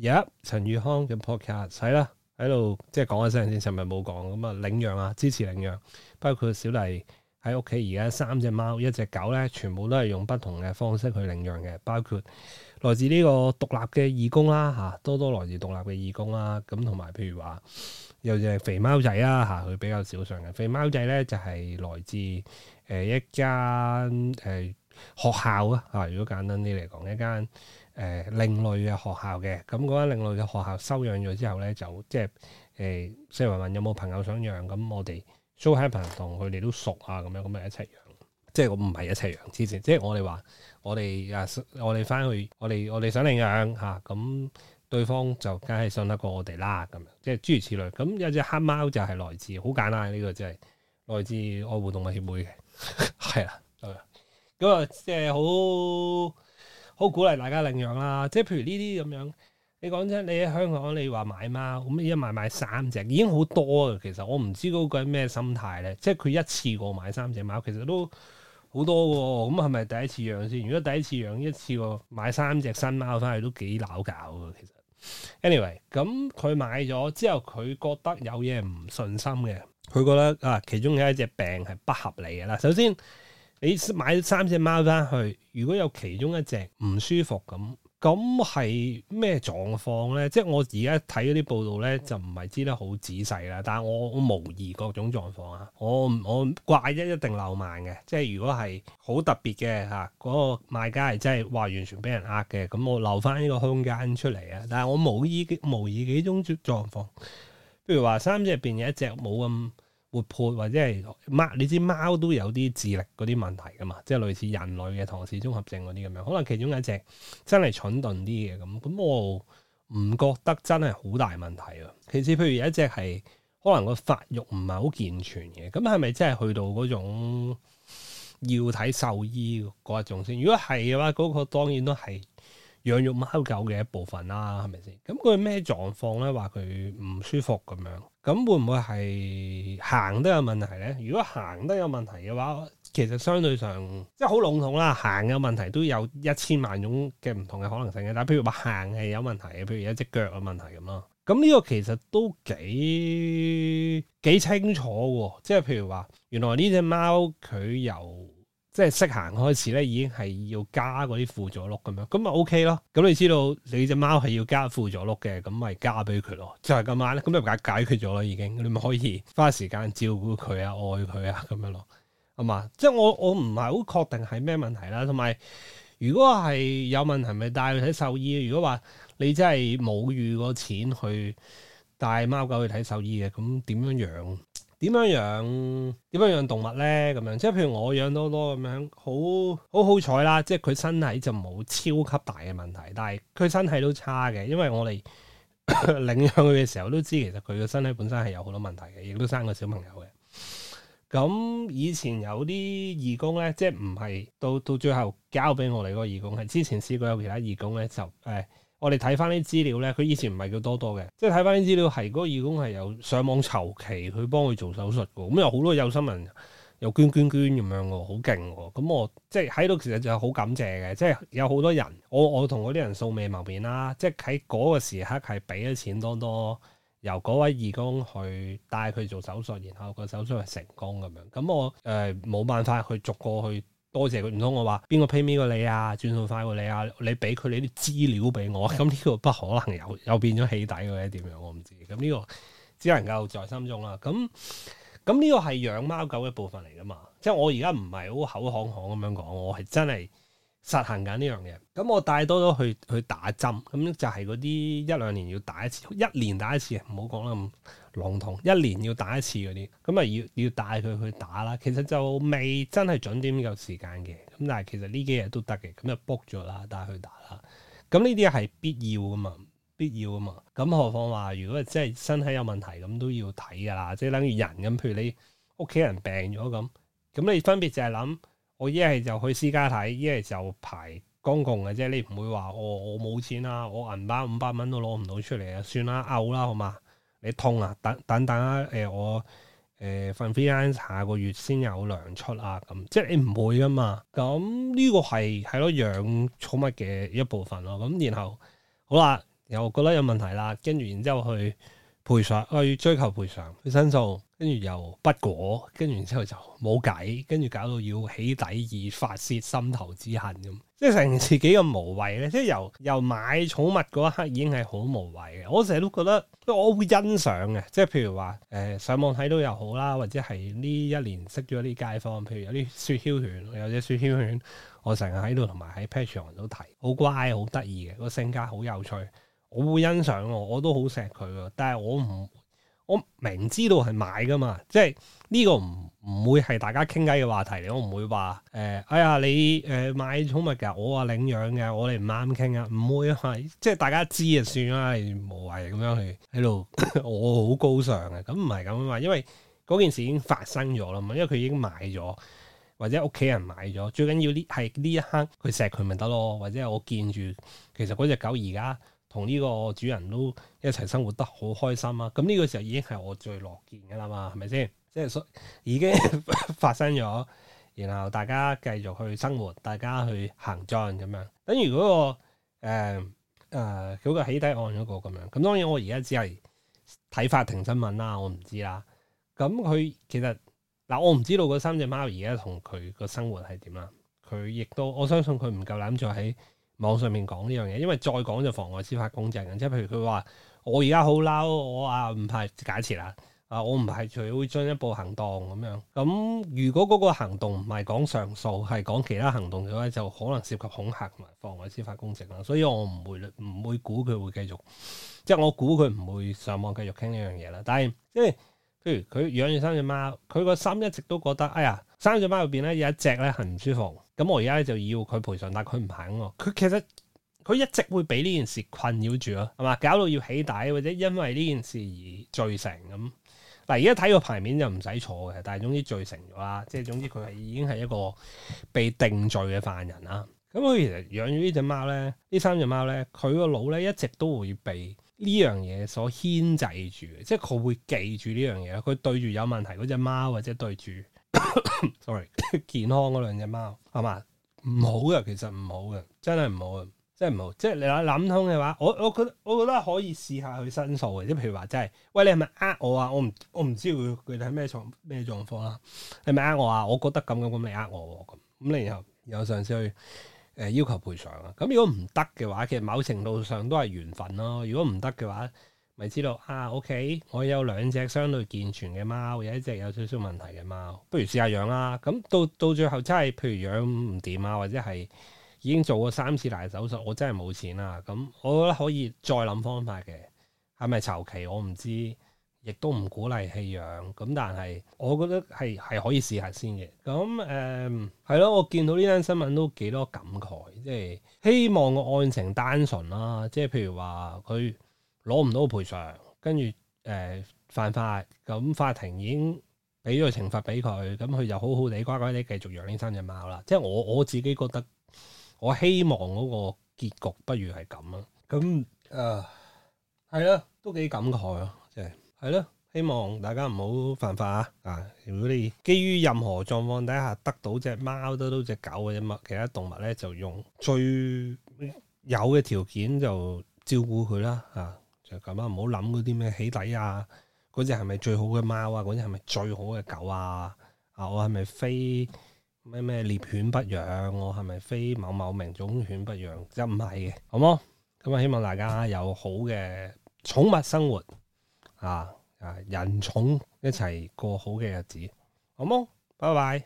有、yep，陳宇康嘅 podcast 喺啦，喺度即係講一聲先，尋日冇講咁啊，領養啊，支持領養，包括小麗喺屋企而家三隻貓、一隻狗咧，全部都係用不同嘅方式去領養嘅，包括來自呢個獨立嘅義工啦嚇、啊，多多來自獨立嘅義工啦，咁同埋譬如話有隻肥貓仔啦嚇，佢、啊、比較少上嘅，肥貓仔咧就係、是、來自誒、呃、一間誒、呃、學校啊嚇，如果簡單啲嚟講一間。誒、呃、另類嘅學校嘅，咁嗰間另類嘅學校收養咗之後咧，就即係誒四圍問有冇朋友想養，咁我哋租喺同佢哋都熟啊，咁樣咁咪一齊養，即係我唔係一齊養，之前即係我哋話我哋啊，我哋翻去我哋我哋想領養嚇，咁、啊、對方就梗係信得過我哋啦，咁樣即係諸如此類。咁有隻黑貓就係來自好簡單，呢、呢個就係、是、來自愛護動物協會嘅，係 啊，咁啊即係好。好鼓勵大家領養啦，即係譬如呢啲咁樣。你講真，你喺香港你話買貓，咁一買買三隻已經好多嘅。其實我唔知嗰個咩心態咧，即係佢一次過買三隻貓，其實都好多嘅。咁係咪第一次養先？如果第一次養一次過買三隻新貓翻去都幾攪搞嘅。其實鬧鬧，anyway，咁佢買咗之後，佢覺得有嘢唔順心嘅，佢覺得啊，其中有一隻病係不合理嘅啦。首先。你買咗三隻貓翻去，如果有其中一隻唔舒服咁，咁係咩狀況咧？即係我而家睇嗰啲報道咧，就唔係知得好仔細啦。但係我我模擬各種狀況啊，我我怪一一定漏萬嘅，即係如果係好特別嘅嚇，嗰、嗰個買家係真係話完全俾人呃嘅，咁我留翻呢個空間出嚟啊。但係我模擬模擬幾種狀況，譬如話三隻入邊有一隻冇咁。活潑或者係貓，你知貓都有啲智力嗰啲問題㗎嘛，即係類似人類嘅唐氏綜合症嗰啲咁樣。可能其中一隻真係蠢鈍啲嘅咁，咁我唔覺得真係好大問題啊。其次，譬如有一隻係可能個發育唔係好健全嘅，咁係咪真係去到嗰種要睇獸醫嗰一種先？如果係嘅話，嗰個當然都係。養育貓狗嘅一部分啦，係咪先？咁佢咩狀況咧？話佢唔舒服咁樣，咁會唔會係行都有問題咧？如果行都有問題嘅話，其實相對上即係好籠統啦。行有問題都有一千萬種嘅唔同嘅可能性嘅。但譬如話行係有問題嘅，譬如有一隻腳嘅問題咁咯。咁呢個其實都幾幾清楚喎。即係譬如話，原來呢隻貓佢由，即係識行開始咧，已經係要加嗰啲輔助轆咁樣，咁咪 O K 咯。咁你知道你隻貓係要加輔助轆嘅，咁咪加俾佢咯。就係今晚咧，咁又梗係解決咗啦，已經。你咪可以花時間照顧佢啊，愛佢啊，咁樣咯，係嘛？即係我我唔係好確定係咩問題啦。同埋如果係有問題，咪帶佢睇獸醫。如果話你真係冇預過錢去帶貓狗去睇獸醫嘅，咁點樣養？點樣養點樣養動物咧？咁樣即係譬如我養多多咁樣，好好好彩啦！即係佢身體就冇超級大嘅問題，但係佢身體都差嘅，因為我哋 領養佢嘅時候都知，其實佢嘅身體本身係有好多問題嘅，亦都生過小朋友嘅。咁以前有啲義工咧，即係唔係到到最後交俾我哋嗰個義工，係之前試過有其他義工咧，就誒。呃我哋睇翻啲資料咧，佢以前唔係叫多多嘅，即係睇翻啲資料係嗰個義工係有上網籌旗去幫佢做手術嘅，咁、嗯、有好多有心人又捐捐捐咁樣喎，好勁喎，咁、嗯、我即係喺度其實就好感謝嘅，即係有好多人，我我同嗰啲人素未謀面啦，即係喺嗰個時刻係俾咗錢多多，由嗰位義工去帶佢做手術，然後個手術係成功咁樣，咁、嗯嗯、我誒冇、呃、辦法去逐個去。多謝佢，唔通我話邊個 pay me 過你啊？轉數快過你啊？你俾佢你啲資料俾我？咁呢個不可能有又變咗起底嘅，點樣我唔知，咁呢個只能夠在心中啦，咁咁呢個係養貓狗嘅部分嚟噶嘛，即係我而家唔係好口行行咁樣講，我係真係實行緊呢樣嘢，咁我帶多咗去去打針，咁就係嗰啲一兩年要打一次，一年打一次，唔好講啦。籠統一年要打一次嗰啲，咁啊要要帶佢去打啦。其實就未真係準點，夠時間嘅。咁但係其實呢幾日都得嘅，咁就 book 咗啦，帶佢打啦。咁呢啲係必要噶嘛？必要噶嘛？咁何況話如果真係身體有問題，咁都要睇噶啦。即係等於人咁，譬如你屋企人病咗咁，咁你分別就係諗，我一係就去私家睇，一係就排公共嘅啫。即你唔會話、哦、我我冇錢啊，我銀包五百蚊都攞唔到出嚟啊，算啦 o 啦，好嘛？你痛啊？等等等啊！誒、呃、我誒粉飛眼下個月先有糧出啊！咁、嗯、即係你唔會噶嘛？咁、嗯、呢、這個係係咯養寵物嘅一部分咯、啊。咁、嗯、然後好啦，又覺得有問題啦，跟住然之後去賠償，去追求賠償，去申訴。跟住又不果，跟住之後就冇計，跟住搞到要起底以發泄心頭之恨咁，即係成件事咁無謂咧。即係由由買寵物嗰一刻已經係好無謂嘅。我成日都覺得，我會欣賞嘅。即係譬如話，誒、呃、上網睇到又好啦，或者係呢一年識咗啲街坊，譬如有啲雪橇犬，有隻雪橇犬，我成日喺度同埋喺 Patreon 都睇，好乖，好得意嘅，個性格好有趣，我會欣賞，我都好錫佢嘅，但係我唔。我明知道係買噶嘛，即係呢個唔唔會係大家傾偈嘅話題嚟，我唔會話誒、呃，哎呀你誒買寵物嘅，我啊領養嘅，我哋唔啱傾啊，唔會係即係大家知啊算啦，係無謂咁樣去喺度， 我好高尚嘅，咁唔係咁樣嘛，因為嗰件事已經發生咗啦嘛，因為佢已經買咗，或者屋企人買咗，最緊要呢係呢一刻佢錫佢咪得咯，或者係我見住其實嗰隻狗而家。同呢個主人都一齊生活得好開心啊！咁、嗯、呢、這個時候已經係我最樂見嘅啦嘛，係咪先？即係所已經 發生咗，然後大家繼續去生活，大家去行裝咁樣。等如嗰、那個誒誒、呃呃那個起底案嗰個咁樣。咁、嗯、當然我而家只係睇法庭新聞啦，我唔知啦。咁、嗯、佢其實嗱、呃，我唔知道嗰三隻貓而家同佢個生活係點啦。佢亦都我相信佢唔夠膽再喺網上面講呢樣嘢，因為再講就妨礙司法公正嘅，即係譬如佢話我而家好嬲，我話唔係假設啦，啊我唔係，排除會進一步行動咁樣。咁如果嗰個行動唔係講上訴，係講其他行動嘅話，就可能涉及恐嚇同埋妨礙司法公正啦。所以我唔會唔會估佢會繼續，即係我估佢唔會上網繼續傾呢樣嘢啦。但係，即係譬如佢養住三隻貓，佢個心一直都覺得，哎呀～三隻貓入邊咧有一隻咧係唔舒服，咁我而家咧就要佢賠償，但係佢唔肯喎。佢其實佢一直會俾呢件事困擾住咯，係嘛，搞到要起底或者因為呢件事而罪成咁。嗱，而家睇個牌面就唔使坐嘅，但係總之罪成咗啦，即係總之佢係已經係一個被定罪嘅犯人啦。咁、嗯、佢其實養咗呢隻貓咧，呢三隻貓咧，佢個腦咧一直都會被呢樣嘢所牽制住嘅，即係佢會記住呢樣嘢，佢對住有問題嗰隻貓或者對住。 sorry， 健康嗰兩隻貓係嘛，唔好嘅，其實唔好嘅，真係唔好啊，真係唔好，即係你諗通嘅話，我我覺得我覺得可以試下去申訴嘅，即譬如話即係，喂，你係咪呃我啊？我唔我唔知佢佢係咩狀咩狀況啦，係咪呃我啊？我覺得咁咁咁你呃我咁、啊，咁你然後然後嘗試去誒、呃、要求賠償啊？咁如果唔得嘅話，其實某程度上都係緣分咯。如果唔得嘅話。咪知道啊？OK，我有兩隻相對健全嘅貓，有一隻有少少問題嘅貓，不如試下養啦。咁到到最後真係，譬如養唔掂啊，或者係已經做過三次大手術，我真係冇錢啦。咁、嗯、我覺得可以再諗方法嘅，係咪求其我唔知，亦都唔鼓勵棄養。咁但係我覺得係係可以試下先嘅。咁誒係咯，我見到呢單新聞都幾多感慨，即係希望個案情單純啦。即係譬如話佢。攞唔到賠償，跟住誒犯法，咁法庭已經俾咗懲罰俾佢，咁佢就好好地乖乖地繼續養呢三隻貓啦。即係我我自己覺得，我希望嗰個結局不如係咁啦。咁誒係啦，都幾感慨啊！即係係啦，希望大家唔好犯法啊！啊，如果你基於任何狀況底下得到隻貓、得到隻狗嘅者物其他動物咧，就用最有嘅條件就照顧佢啦啊！就咁樣，唔好諗嗰啲咩起底啊，嗰隻係咪最好嘅貓啊，嗰隻係咪最好嘅狗啊？啊，我係咪非咩咩獵犬不養？我係咪非某某名種犬不養？即係唔係嘅，好冇？咁啊，希望大家有好嘅寵物生活啊啊，人寵一齊過好嘅日子，好冇？拜拜。